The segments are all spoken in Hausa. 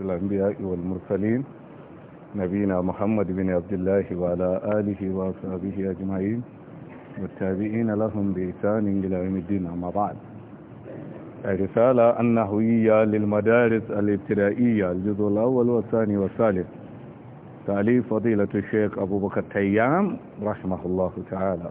الأنبياء والمرسلين نبينا محمد بن عبد الله وعلى آله وصحبه أجمعين والتابعين لهم بإحسان إلى يوم الدين أما بعد الرسالة النحوية للمدارس الابتدائية الجزء الأول والثاني والثالث تأليف فضيلة الشيخ أبو بكر تيام رحمه الله تعالى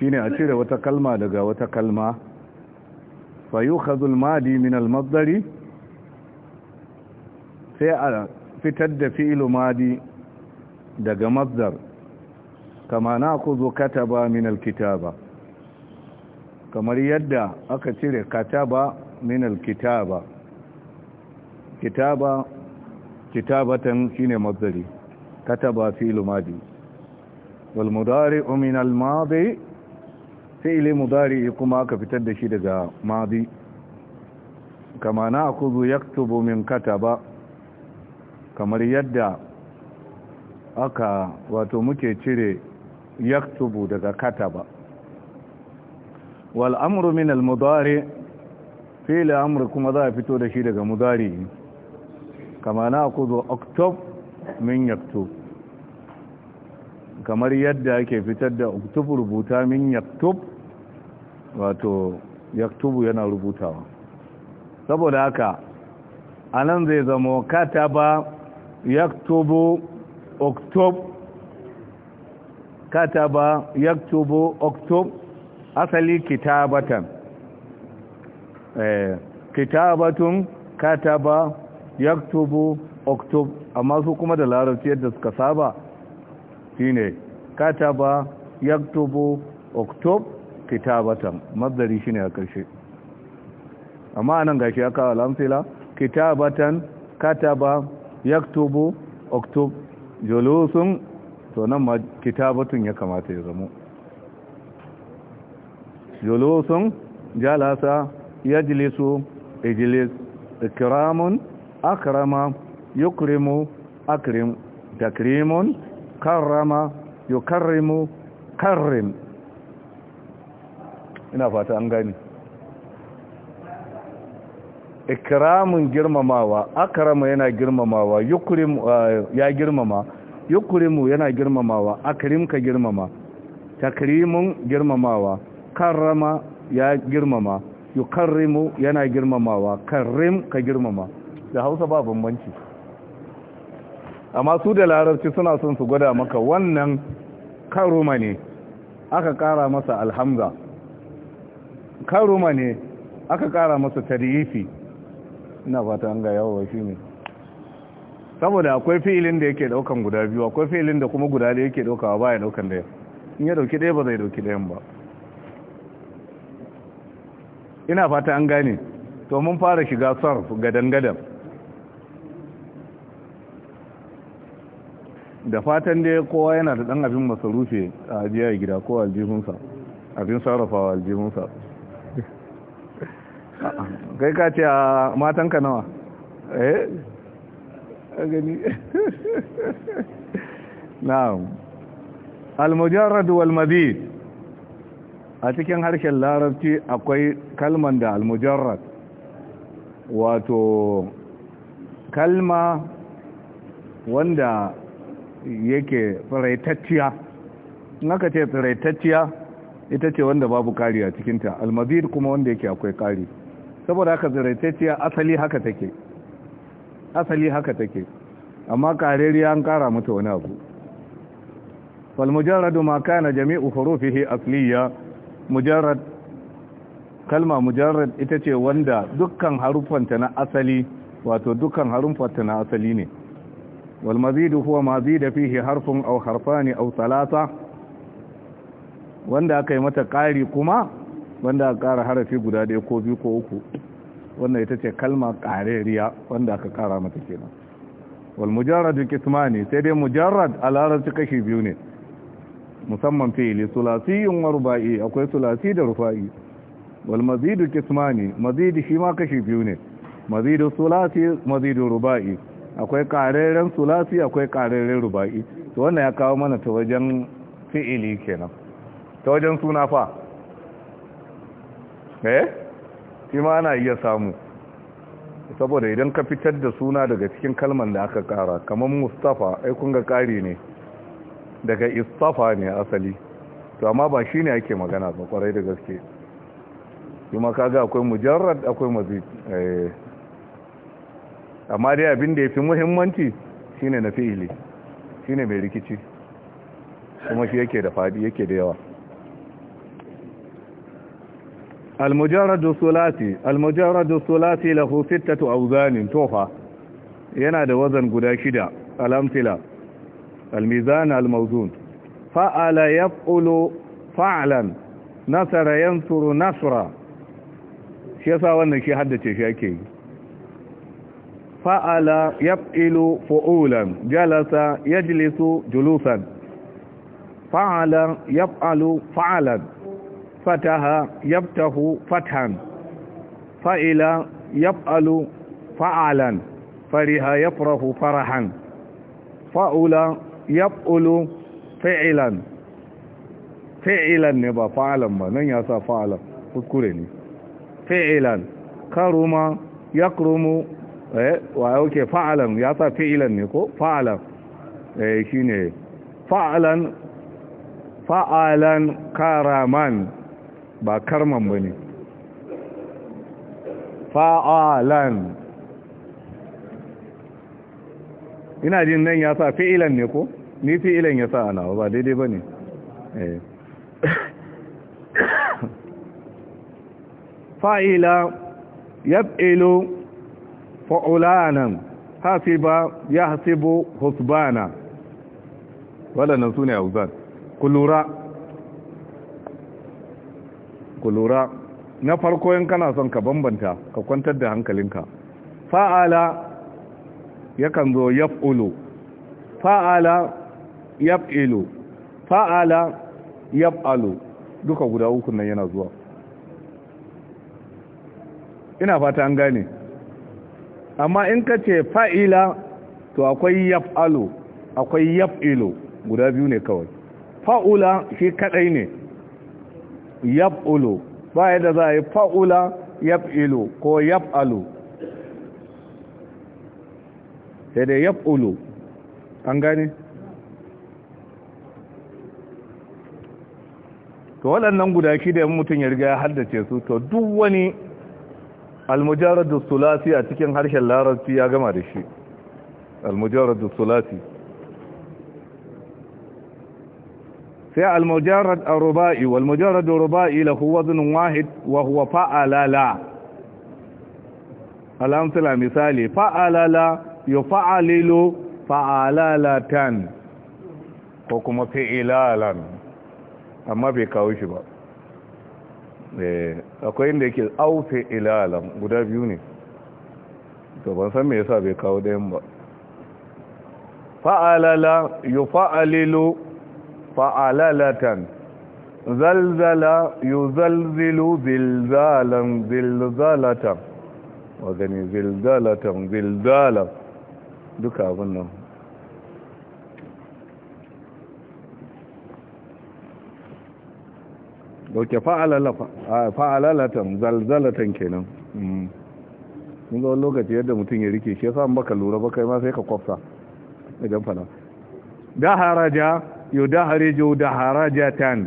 shine a cire wata kalma daga wata kalma fa yukhadhu al-madi min al-masdari sai a fitar da fi'lu madi daga masdar kama nakhudhu kataba min al-kitaba kamar yadda aka cire kataba min al-kitaba kitaba kitabatan shine masdari kataba fi'lu madi wal mudari'u min al-madi fi'ili mudari kuma aka fitar da shi daga madi kama na akuzu yaktubu min kataba kamar yadda aka wato muke cire yaktubu daga kataba wal amru min al mudari fi'il amr kuma za a fito da shi daga mudari kama na akuzu oktob min yaktub kamar yadda ake fitar da uktub rubuta min yaktub wato yaktubu yana rubutawa saboda haka a nan zai zama kataba yaktubu oktob kataba yaktubu oktob asali kitabatan kata eh, kitabatun kataba yaktubu oktob amma su kuma da larabci yadda suka saba shine kataba yaktubu oktob kitabatan mazdari shine a karshe amma anan gashi ya kawo lamsila kitabatan kataba yaktubu oktob julusun to nan ma kitabatun ya kamata ya zamo julusun jalasa yajlisu ijlis ikramun akrama yukrimu akrim takrimun karrama yukarrimu karrim ina fata an gani ikramin girmamawa akrama yana girmamawa yukrim uh, ya girmama yukrimu yana girmamawa akrim ka girmama takrimun girmamawa karrama ya girmama yukarrimu yana girmamawa karrim ka girmama da hausa ba bambanci amma su da larabci suna son su gwada maka wannan karuma ne aka kara masa alhamza karuma ne aka kara masa tarihi ina fata an ga yawo shi ne saboda akwai filin da yake daukan guda biyu akwai filin da kuma guda da yake daukawa ba ya daukan daya in ya dauki daya ba zai dauki dayan ba ina fata an gane to mun fara shiga sarf gadan-gadan da fatan dai kowa yana da dan abin masarufe a jiya gida ko aljihunsa abin sarrafawa aljihunsa kai ka ce a matanka nawa eh gani na'am al-mujarrad wal madid a cikin harshen larabci akwai kalman da al-mujarrad wato kalma wanda yake tsiraitacciya naka ce tsiraitacciya ita ce wanda babu kari a cikinta al kuma wanda yake akwai kari saboda haka ziraitacciya asali haka take asali haka take amma karariya an kara mata wani abu falmujarradu ma kana jami'u hurufihi asliya mujarrad kalma mujarrad ita ce wanda dukkan haruffanta na asali wato dukkan haruffanta na asali ne wal mazidu huwa ma zida fihi harfun aw harfani aw thalatha wanda aka yi mata ƙari kuma wanda aka ƙara harafi guda ɗaya ko biyu ko uku wannan ita ce kalma ƙarariya wanda aka ƙara mata kenan wal mujarrad kitmani sai dai mujarrad a larabci kashi biyu ne musamman fi'ili sulasi wa ruba'i akwai sulasi da rufa'i wal mazidu kismani mazidu shi ma kashi biyu ne mazidu sulasi mazidu ruba'i akwai kareren sulasi akwai kareren ruba'i to wannan ya kawo mana ta wajen fi'ili kenan ta wajen suna fa eh shi ma ana iya samu saboda idan ka fitar da suna daga cikin kalman da aka kara kamar mustafa ai kun ga ƙari ne daga istafa ne asali to amma ba shine ake magana ba kwarai da gaske kuma kaga akwai mujarrad akwai mazi eh. amma dai abin da yafi muhimmanci shine na fi'ili shine mai rikici kuma shi yake da fadi yake da yawa almujarradu sulati almujarradu sulati lahu sittatu awzanin tofa yana da wazan guda shida al-amthila al-mizan al-mawzun fa'ala yaf'ulu fa'lan nasara yansuru nasra wannan shi haddace shi ake yi fa'ala yaf'ilu fu'ulan jalasa yajlisu julusan fa'ala yaf'alu fa'lan fataha yabtahu fathan fa'ila yaf'alu fa'alan fariha yafrahu farahan fa'ula yaf'ulu fi'ilan ne ba fa'alan ba nan ya sa fa'alan kuskure ne fi'ilan karuma ya krumu eh, wa yauke fa'alan ya sa fi'ilan ne ko fa'alan eh, fa'alan karaman ba karman ba ne fa'alan ina jin nan ya sa fi'ilan ne ko ni fi'ilan ya sa ana ba daidai ba ne eh. fa'ila ya fi’ilo fa'ulanan hasiba ya hasibo husbana waɗannan su ne a ku lura ku lura na farko yin kana son ka bambanta ka kwantar da hankalinka fa'ala yakan zo yaf'ulu fa'ala yaf'ilu fa'ala yaf'alu duka guda uku nan yana zuwa ina fata an gane amma in ka ce fa'ila to akwai yaf'alu akwai yaf'ilu guda biyu ne kawai fa'ula shi kadai ne yab'ulu ba yadda za a yi fa'ula yab'ilu ko yab'alu sai dai yab'ulu an gane to waɗannan guda shi da mutum ya riga ya haddace su to duk wani da sulasi a cikin harshen larabci ya gama da shi da sulasi sai al-mujarrad ar-ruba'i wal mujarrad ar-ruba'i lahu waznun wahid wa huwa fa'ala la alamtala misali fa'ala la la tan ko kuma fi'ilalan amma bai kawo shi ba eh, akwai inda yake au fi'ilalan guda biyu ne to ban san me yasa bai kawo dayan ba fa'alala yufa'alilu fa'alalatan zalzala yuzalzilu zilzalan zilzalatan wa gani zilzalatan zilzalan duka abin nan dauke fa'alalatan zalzalatan kenan mun zaun lokaci yadda mutum ya rike shi ya sa baka lura baka yi ma sai ka kwafsa idan fana da haraja yudahriju daharajatan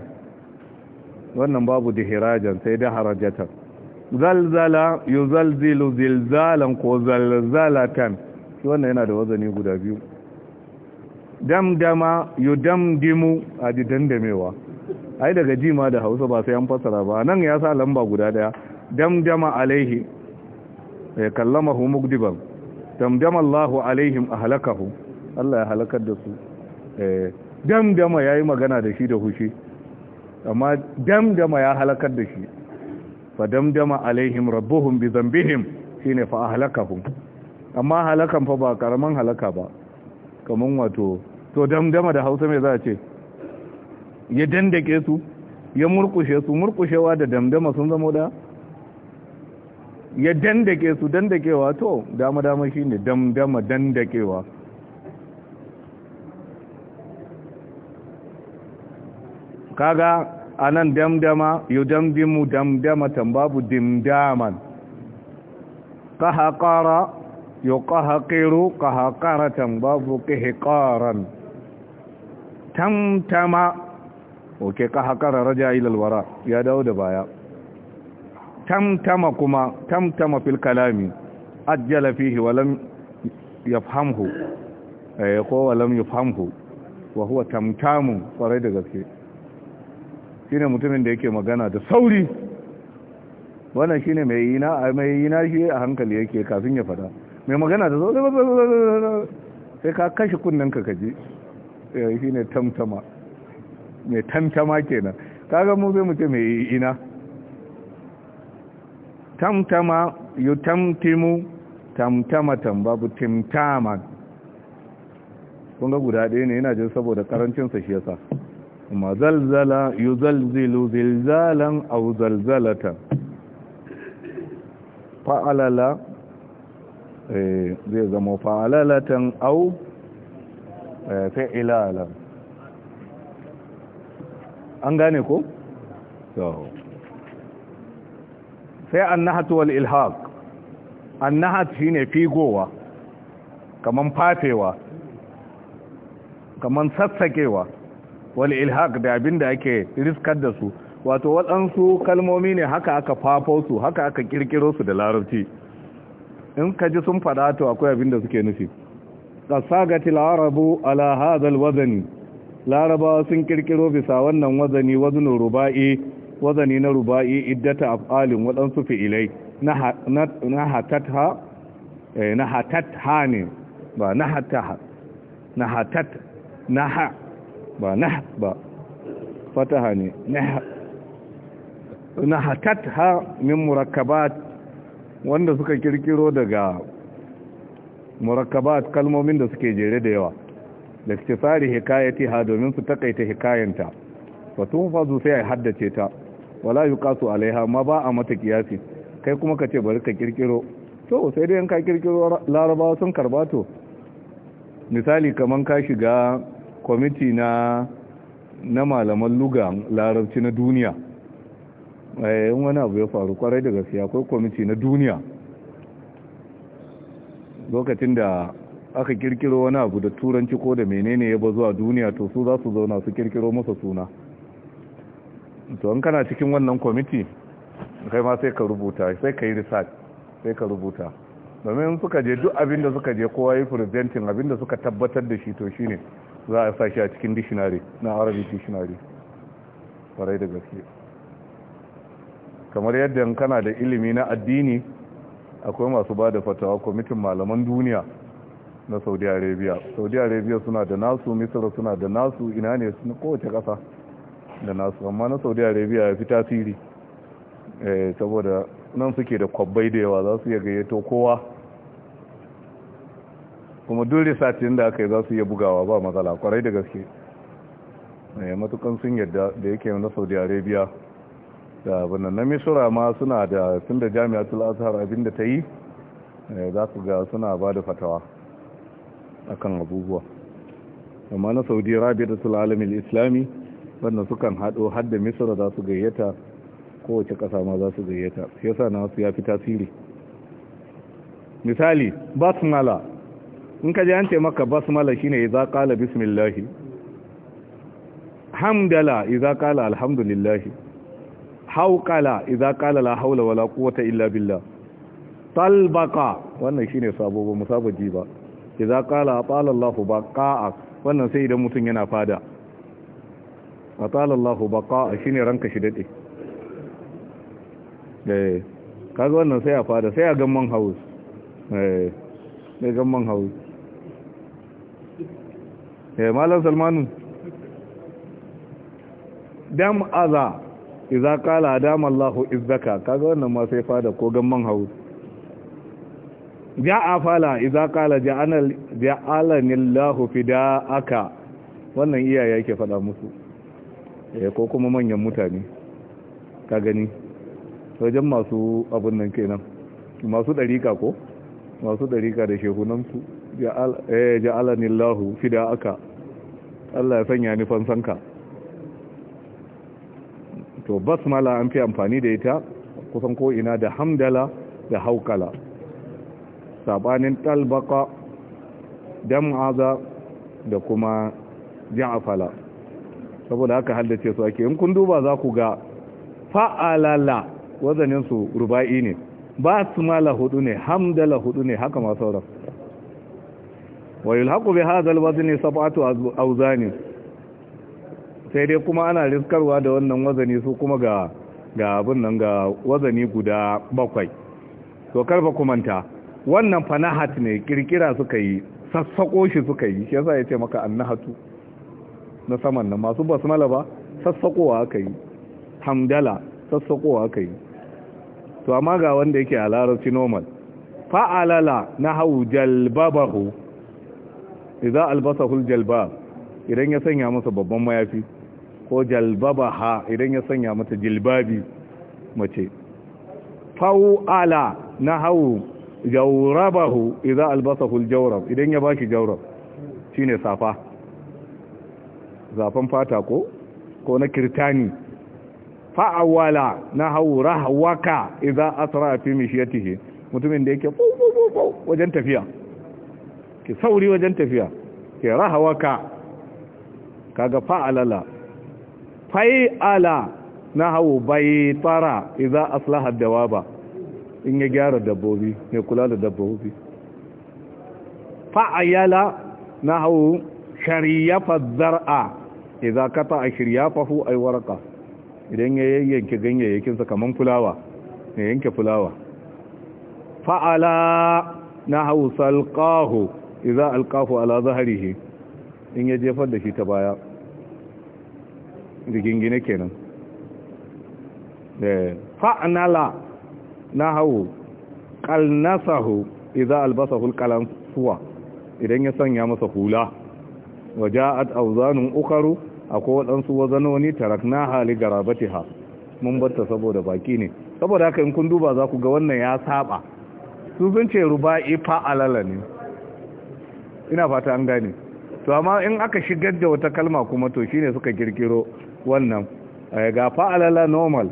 wannan babu dihirajan sai daharajatan zalzala yuzalzilu zilzalan ko zalzalatan shi wannan yana da wazani guda biyu damdama yudamdimu a ji dandamewa ai daga jima da hausa ba sai an fasara ba nan ya sa lamba guda daya damdama alaihi ya kallamahu mugdiban damdama Allahu alaihim ahlakahu Allah ya halakar da su damdama ya yi magana da shi da hushe amma damdama ya halakar da shi fa damdama alaihim rabbuhum bi zambihim shine fa ahlakahum amma halakan fa ba karaman halaka ba kaman wato to damdama da Hausa me za a ce ya dandake su ya murkushe su murkushewa da damdama sun zama da ya dandake su dandakewa to dama dama shine damdama dandakewa kaga anan damdama damdimu damdamatan babu dimdaman yu kahakiru qahqaratan babu kihikaran tamtama oke kahakara raja ila alwara ya dawo da baya tamtama kuma tamtama fil kalami ajjala fihi walam yafhamhu eh ko wa yafhamhu wa huwa tamtamu farai da gaske shine mutumin da yake magana da sauri wannan shine mai yi na mai yi na shi a hankali yake kafin ya fada mai magana da sauri sai ka kashe kunnen ka kaji eh, shine tamtama mai tamtama kenan kaga mu bai mutum mai yi ina tamtama yutamtimu tamba babu timtama kun ga guda ɗaya ne yana jin saboda sa shi yasa kuma zalzala yuzalzilu zilzalan aw zalzalatan fa'alala zai zama fa'alalatan au fa'ilala an gane ko? sai an nahat wal ilhaq an nahat figowa kaman fafewa kaman sassakewa wal ilhaq da abin da ake riskar da su wato waɗansu kalmomi ne haka aka fafo su haka aka kirkiro su da larabci in ka ji sun faɗa to akwai abin da suke nufi qasagatil arabu ala hadal wazani larabawa sun kirkiro bisa wannan wazani waznu ruba'i wazani na ruba'i iddata af'alin waɗansu fi'ilai na na hatatha eh, na hatatha ne ba na hatatha na hatat na ha ba na ba fataha ne na nahatat ha min murakabat wanda suka kirkiro daga murakabat kalmomin da suke jere da yawa da tsari hikayati ha domin su takaita ba tun fazu sai a haddace ta wala kasu alaiha ma ba a mata kiyasi kai kuma ka ce bari ka kirkiro to sai dai ka kirkiro larabawa sun karbato misali kaman ka shiga kwamiti na na malaman luga larabci na duniya eh, in wani abu ya faru kwarai da gaskiya akwai kwamiti na duniya lokacin da aka kirkiro wani abu da turanci ko da menene ya ba zuwa duniya to su za su zauna su kirkiro masa suna to an kana cikin wannan kwamiti kai ma sai ka rubuta sai ka yi research sai ka rubuta domin suka je duk abinda suka je kowa yi presenting abinda suka tabbatar da shi to shine za a sashi a cikin dictionary na arabic dictionary farai da gaske kamar yadda kana da ilimi na addini akwai masu ba da fatawa kwamitin malaman duniya na saudi arabia saudi arabia suna da nasu misira suna da nasu ina ne suna kowace kasa da nasu amma na saudi arabia ya fi tasiri eh, saboda nan suke da kwabbai da yawa za su iya gayyato kowa kuma duk satin da aka yi za su iya bugawa ba matsala kwarai da gaske mai eh, matukan sun yadda da yake na saudi arabia da abinan na misura ma suna da tun da jami'atul azhar abin da ta yi eh, za su ga suna ba da fatawa a kan abubuwa amma na saudi arabia da alamil islami wannan sukan haɗo har da misura za su gayyata kowace ƙasa ma za su gayyata shi yasa na wasu ya fi tasiri misali basmala in ka ji an ce maka basmala shine idza qala bismillah hamdala idza qala alhamdulillah hauqala idza qala la haula wala quwwata illa billah talbaqa wannan shine sabo ba musabaji ba idza qala atala allah baqa'a wannan sai idan mutun yana fada atala allah baqa'a shine ranka shi dade eh kaga wannan sai a fada sai a gamman house eh sai gamman house eh malam salmanu dam aza idza qala dam Allahu izzaka kaga wannan ma sai fada ko man hawo ja'a fala idza qala ja'ana ja'alani Allahu fida'aka wannan iyaye yake fada musu eh ko kuma manyan mutane ka gani wajen masu abun nan kenan masu dariƙa ko masu dariƙa da shehunansu Eh, ja'alani Allahu aka Allah ya sanya ni fansanka to basmala an fi amfani da ita kusan ko ina da hamdala da haukala sabanin talbaka dam'aza da kuma ja'afala saboda haka haddace su ake in kun duba za ku ga fa'alala wazaninsu ruba'i ne basmala hudu ne hamdala hudu ne haka ma sauransu wa yulhaqu bi hadha alwazni sab'atu awzan sai dai kuma ana riskarwa da wannan wazani su kuma ga ga abin nan ga wazani guda bakwai to karfa kumanta wannan fanahat ne kirkira suka yi sassako shi suka yi shi yasa ce maka annahatu na saman nan masu basmala ba sassakowa aka yi hamdala sassakowa aka yi to amma ga wanda yake a larabci normal fa'alala na hau jalbabahu Iza albasahu jalba idan ya sanya masa babban mayafi ko jalbabaha idan ya sanya mata jilbabi mace na hau jawrabahu iza albasahu aljawrab idan ya baki shi shine safa zafan fata ko ko na kirtani fa'awala hau rahawaka iza asra fi mishyatihi mutumin da yake wajen tafiya ki sauri wajen tafiya ki rahawaka kaga fa'alala fa'ala na hau bai tara idan aslahar dawaba in ya gyara dabbobi ne kula da dabbobi fa'ayala na hau fa zar'a idan kata a shiryafahu ai waraka idan ya yanke ganyayyakinsa kamar fulawa ya yanke fulawa fa'ala na hau salƙahu iza alkafu ala zaharihi in ya jefar da shi ta baya da gingine kenan fa'anala na hau kalnasahu iza albasahul kalansuwa idan ya sanya masa hula waja'at auzanun ukaru akwai waɗansu wazanoni na hali ha mun batta saboda baki ne saboda haka in kun duba za ku ga wannan ya saba su sun ce ruba'i fa'alala ne ina fata an gane to amma in aka shigar da wata kalma kuma to shine suka kirkiro wannan eh, ga fa'alala normal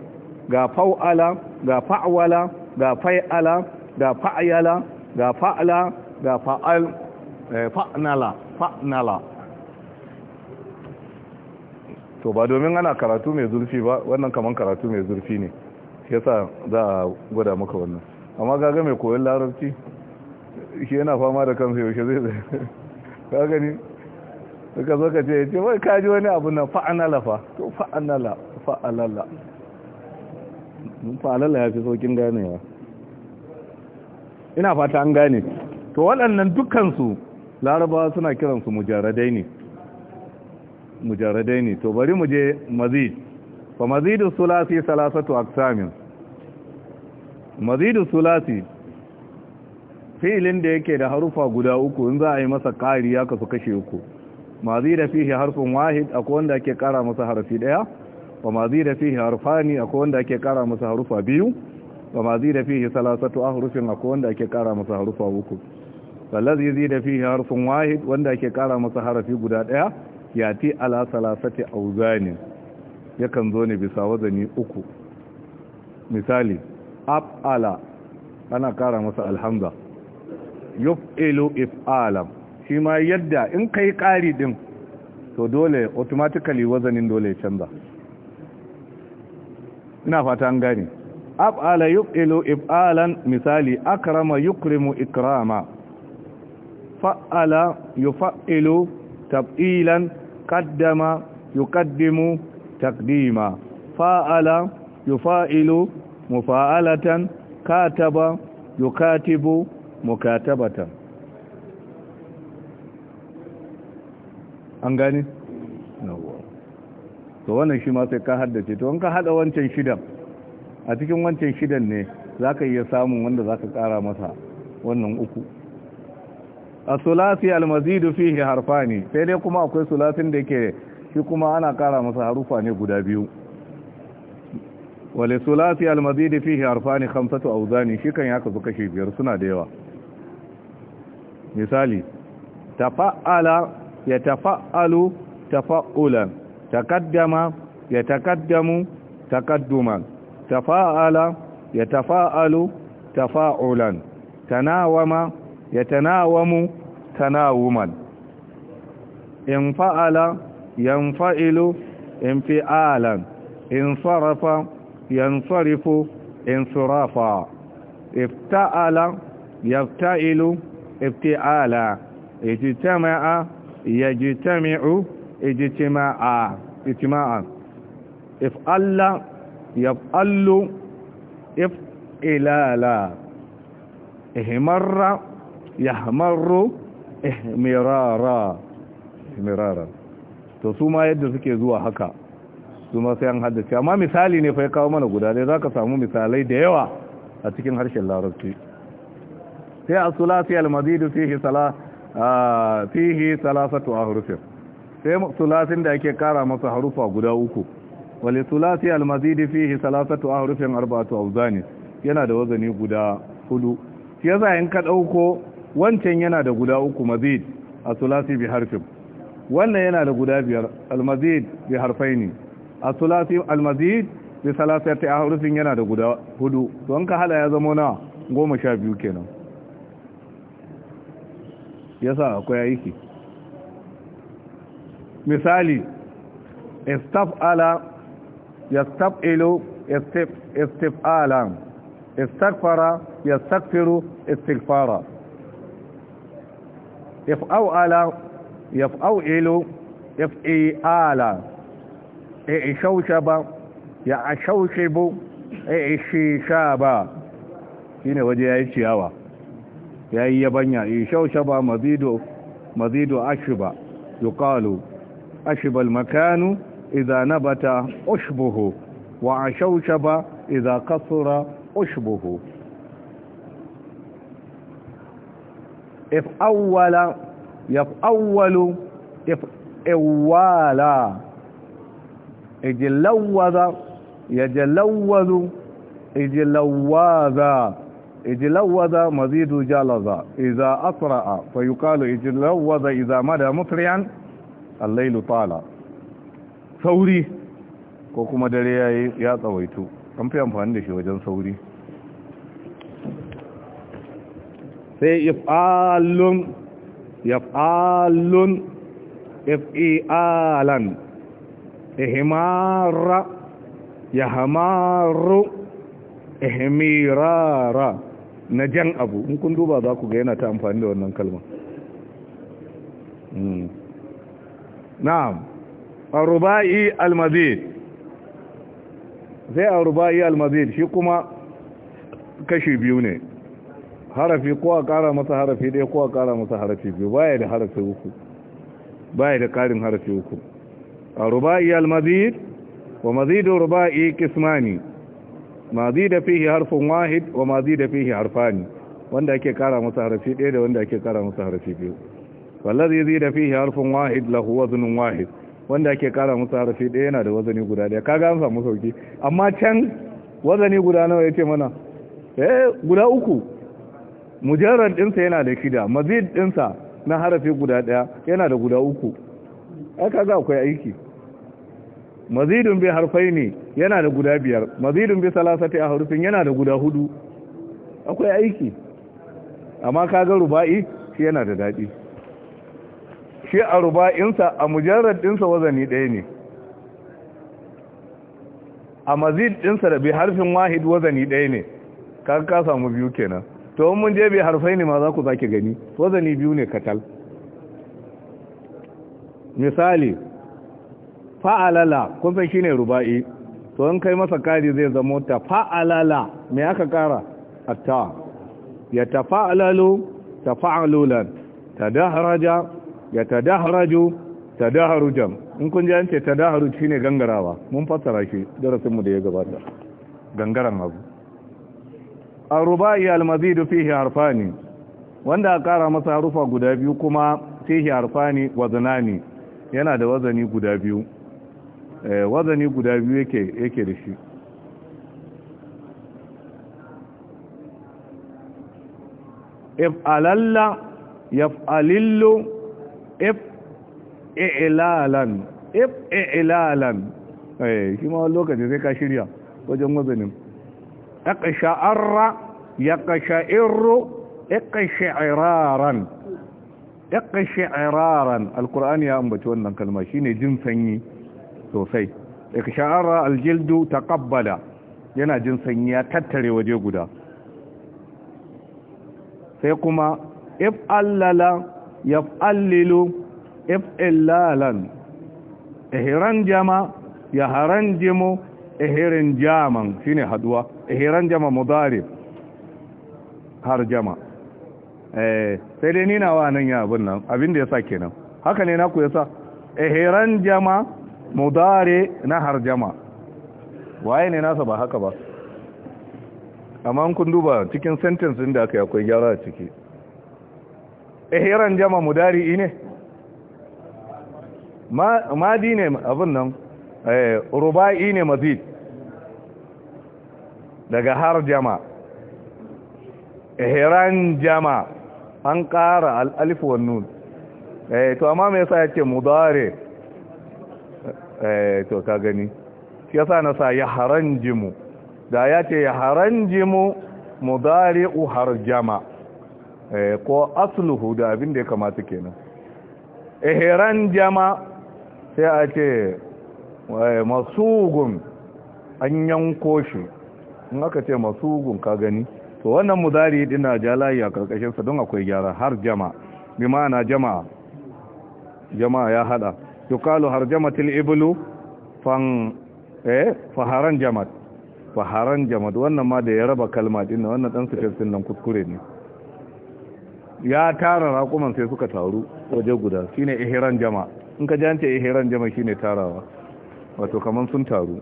ga fa'ala ga fa'wala ga fa'ala ga fa'ayala ga fa'ala ga fa'al eh, fa'nala fa'nala to ba domin ana karatu mai zurfi ba wannan kaman karatu mai zurfi ne yasa za a gwada maka wannan amma gaga mai koyon larabci shi yana fama da kansa yaushe zai zai ka gani suka zo ka ce ya ce wai kaji wani abu na fa'anala fa to fa'anala fa'alala fa'alala ya fi saukin ganewa ina fata an gane to waɗannan dukkansu laraba suna kiransu mujaradai ne mujaradai ne to bari mu je mazid fa mazidu sulasi salasatu aksamin mazidu sulasi fi'ilin da yake da harufa guda uku in za a yi masa ƙari ya kasu kashe uku mazi da fi harfin wahid akwai wanda ake ƙara masa harfi ɗaya wa mazi da fihi harfani akwai wanda ake ƙara masa harufa biyu wa mazi da fihi salasatu a harufin akwai wanda ake ƙara masa harufa uku wallazi zai da fi harfin wahid wanda ake ƙara masa harfi guda ɗaya ti ala salasati ya yakan zo ne bisa wazani uku misali ab ala ana ƙara masa alhamza yuf'ilu if'alam shi shima yadda in kai ƙari din to dole automatically wazanin dole canza ina fata an gane af'ala yuf'ilu if'alan misali akrama yukrimu ikrama fa'ala yuf'ilu tab'ilan qaddama yuqaddimu takdima fa'ala yufa'ilu mufa'alatan kataba yukatibu mukatabata an gani? to wannan shi ma sai ka haddace to in ka hada wancan shidan a cikin wancan shidan ne za ka iya samun wanda za ka kara masa wannan uku a sulasi almazidu fihi harfani sai dai kuma akwai sulasin da ke shi kuma ana kara masa harufa ne guda biyu wale sulasi almazidu fihi harfani khamsatu awzani shi kan yaka zuka shi biyar suna da yawa misali tafa'ala ya tafa'alu tafa'ulan takaddama ya takaddamu takadduman tafa'ala ya tafa'alu tafa'ulan tanawama ya tanawamu tanawuman in fa'ala yanfa'ilu infi'alan in sarafa yansarifu insirafa ifta'ala yafta'ilu ibtiala ijtama'a yajtami'u ijtima'a ijtima'a if'alla if ilala ihmarra yahmarru ihmirara ihmirara to su ma yadda suke zuwa haka su ma sai an haddace amma misali ne fa ya kawo mana guda dai zaka samu misalai da yawa a cikin harshen larabci sai a sulasi almazidu fihi sala fihi salasatu ahrufin sai sulasin da ake kara masa harufa guda uku wali sulasi almazidi fihi salasatu ahrufin arba'atu auzani yana da wazani guda hudu sai za in ka dauko wancan yana da guda uku mazid a sulasi bi harfin wannan yana da guda biyar almazid bi harfaini a sulasi almazid bi salasati ahrufin yana da guda hudu to an ka hada ya zama na goma sha biyu kenan ya sa akwai aiki misali istaf'ala yastaf'ilu istif'ala istaghfara yastaghfiru istighfara if'ala yaf'alu if'ala i'shawshaba ya'shawshibu shi ne waje ya yi ciyawa ya yi yabanya ishaushaba mazidu mazido ashiba yuqalu ashiba almakanu idha nabata ushbuhu wa ashaushaba idha kasura ushbuhu if awwala yaf awwalu if awwala ijlawza yajlawzu ijlawza ijlawza mazidu jalaza idza asra'a fa yuqalu ijlawza idza mada musri'an al-laylu tala sauri ko kuma dare yayi ya tsawaito an fi amfani da shi wajen sauri sai if'alun yaf'alun if'ialan ihmara yahmaru ihmirara na jan abu in kun duba za ku ga yana ta amfani da wannan kalma hmm. na'am arubai almazid sai arubai almazid shi kuma kashi biyu ne harafi ko a kara masa harafi ɗaya ko a kara masa harafi biyu baya da harafi uku baya da karin harafi uku arubai almazid wa mazidu rubai kismani ma zida fihi harfin wahid wa ma zida fihi harfani wanda ake kara masa harfi ɗaya da wanda ake kara masa harfi biyu wallazi zida fihi harfin wahid lahu waznun wahid wanda ake kara masa harfi ɗaya yana da wazani guda ɗaya kaga an samu sauki amma can wazani guda nawa yace mana eh guda uku mujarrad ɗinsa yana da shida mazid ɗinsa na harafi guda ɗaya yana da guda uku ai kaga akwai aiki mazidun bi harfai ne yana da guda biyar mazidun bi salasati a harfin yana da guda hudu akwai aiki amma kaga ruba'i shi yana da daɗi shi a ruba'insa a mujarrad ɗinsa wazani ɗaya ne a mazid ɗinsa da bi harfin wahid wazani ɗaya ne kaga ka samu biyu kenan to mun je bi harfai ne ma za ku zaki gani wazani biyu ne katal misali fa'alala kun san ne ruba'i to in kai masa kari zai zama ta fa'alala me aka kara ta ya tafa'alalu ta daharaja ya ta ta daharujan in kun ji ta daharu shi shine gangarawa mun fassara shi darasinmu da ya gabata gangaran abu الرباعي da fi harfani wanda a kara masa harufa guda biyu kuma fi harfani wazanani yana da wazani guda biyu Eh, wazani guda biyu yake da shi if'alalla yaf'alillu if'ilalan if'ilalan eh shi ma lokaci sai ka shirya wajen wazanin aqsha'arra yaqsha'irru iqsha'iraran iqsha'iraran alqur'ani ya ambaci wannan kalma shine jin sanyi sosai iksha'ara aljildu taqabbala yana jin sanyi ya tattare waje guda sai kuma if allala yaf'allilu if illalan ihran jama ya jimu ihirin jaman shine haduwa ihiran jama mudari har jama eh sai dai nina wa nan ya abin nan abin da yasa kenan haka ne na naku yasa ihiran jama mudare na harjama waye ne nasa ba haka ba amma kun duba cikin sentence din da aka akwai gyara a ciki ihran jama mudari ne ma madi ne abin nan eh rubai ne mazid daga harjama ihran jama an ƙara al-alif wa nun eh to amma me yasa yake mudare Eh, to ka gani shi yasa na sa ya haranjimu da ya ce ya haranjimu mudari'u harjama eh, ko asluhu da abin da ya kamata kenan ihran jama sai a ce eh, masugun an yanko shi in aka ce masugun ka gani to wannan mudari dina jalayi a karkashinsa don akwai gyara har jama bi ma'ana jama'a jama'a ya hada yuqalu harjamatil iblu fan eh faharan jamat faharan jamat wannan ma da ya raba kalma din wannan dan sufin nan kuskure ne ya tara raƙuman sai suka taru waje guda shine ihran jama in ka jance ihran jama shine tarawa wato kaman sun taru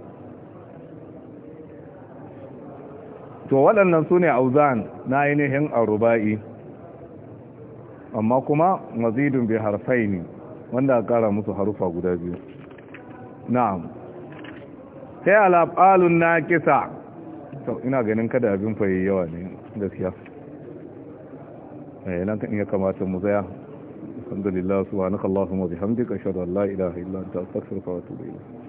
to waɗannan su ne auzan na ainihin aruba'i amma kuma mazidun bi harfai ne wanda a kara musu harufa guda biyu na'am sai alaɓalun na kisa ina ganin kada abin fayi yawa ne gaskiya eh kan iya kamata mu zaya alhamdulillah subhanakallahumma bihamdika ashhadu an la ilaha illa anta astaghfiruka wa atubu ilayk